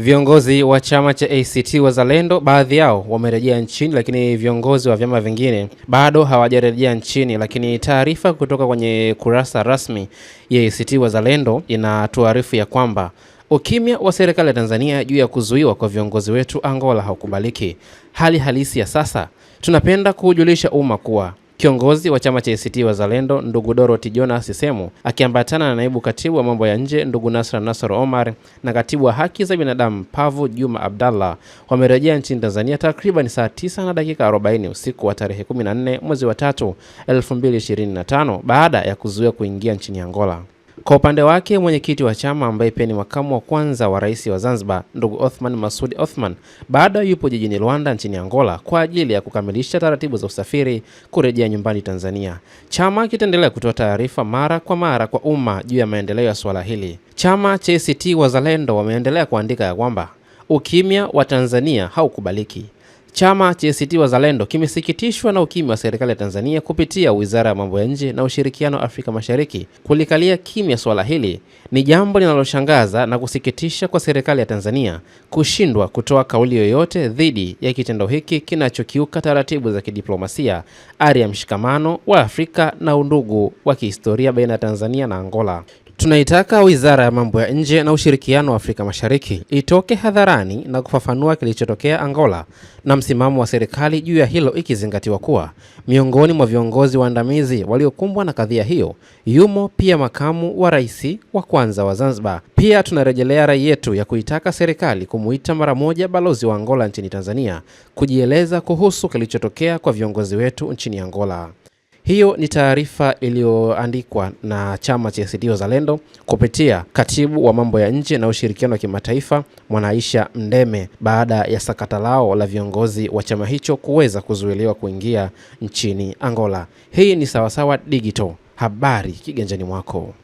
Viongozi wa chama cha ACT Wazalendo baadhi yao wamerejea nchini, lakini viongozi wa vyama vingine bado hawajarejea nchini. Lakini taarifa kutoka kwenye kurasa rasmi ya ACT Wazalendo inatuarifu ya kwamba ukimya wa serikali ya Tanzania juu ya kuzuiwa kwa viongozi wetu Angola haukubaliki. Hali halisi ya sasa, tunapenda kuujulisha umma kuwa Kiongozi wa chama cha ACT Wazalendo ndugu Dorothy Jonas Semu akiambatana na naibu katibu wa mambo ya nje ndugu Nasra Nasr Omar na katibu wa haki za binadamu Pavu Juma Abdallah wamerejea nchini Tanzania takriban saa tisa na dakika 40 usiku wa tarehe 14 mwezi wa tatu 2025 baada ya kuzuia kuingia nchini Angola. Kwa upande wake mwenyekiti wa chama ambaye pia ni makamu wa kwanza wa rais wa Zanzibar ndugu Othman Masudi Othman bado yupo jijini Luanda nchini Angola kwa ajili ya kukamilisha taratibu za usafiri kurejea nyumbani Tanzania. Chama kitaendelea kutoa taarifa mara kwa mara kwa umma juu ya maendeleo ya suala hili. Chama cha ACT Wazalendo wameendelea kuandika ya kwamba ukimya wa Tanzania haukubaliki. Chama cha ACT Wazalendo kimesikitishwa na ukimya wa serikali ya Tanzania kupitia Wizara ya Mambo ya Nje na Ushirikiano wa Afrika Mashariki kulikalia kimya suala hili. Ni jambo linaloshangaza na kusikitisha kwa serikali ya Tanzania kushindwa kutoa kauli yoyote dhidi ya kitendo hiki kinachokiuka taratibu za kidiplomasia, ari ya mshikamano wa Afrika na undugu wa kihistoria baina ya Tanzania na Angola. Tunaitaka Wizara ya Mambo ya Nje na Ushirikiano wa Afrika Mashariki itoke hadharani na kufafanua kilichotokea Angola na msimamo wa serikali juu ya hilo ikizingatiwa kuwa miongoni mwa viongozi waandamizi waliokumbwa na kadhia hiyo yumo pia makamu wa rais wa kwanza wa Zanzibar. Pia tunarejelea rai yetu ya kuitaka serikali kumuita mara moja balozi wa Angola nchini Tanzania kujieleza kuhusu kilichotokea kwa viongozi wetu nchini Angola. Hiyo ni taarifa iliyoandikwa na chama cha ACT Wazalendo kupitia katibu wa mambo ya nje na ushirikiano wa kimataifa Mwanaisha Mndeme baada ya sakata lao la viongozi wa chama hicho kuweza kuzuiliwa kuingia nchini Angola. Hii ni Sawasawa Digital, habari kiganjani mwako.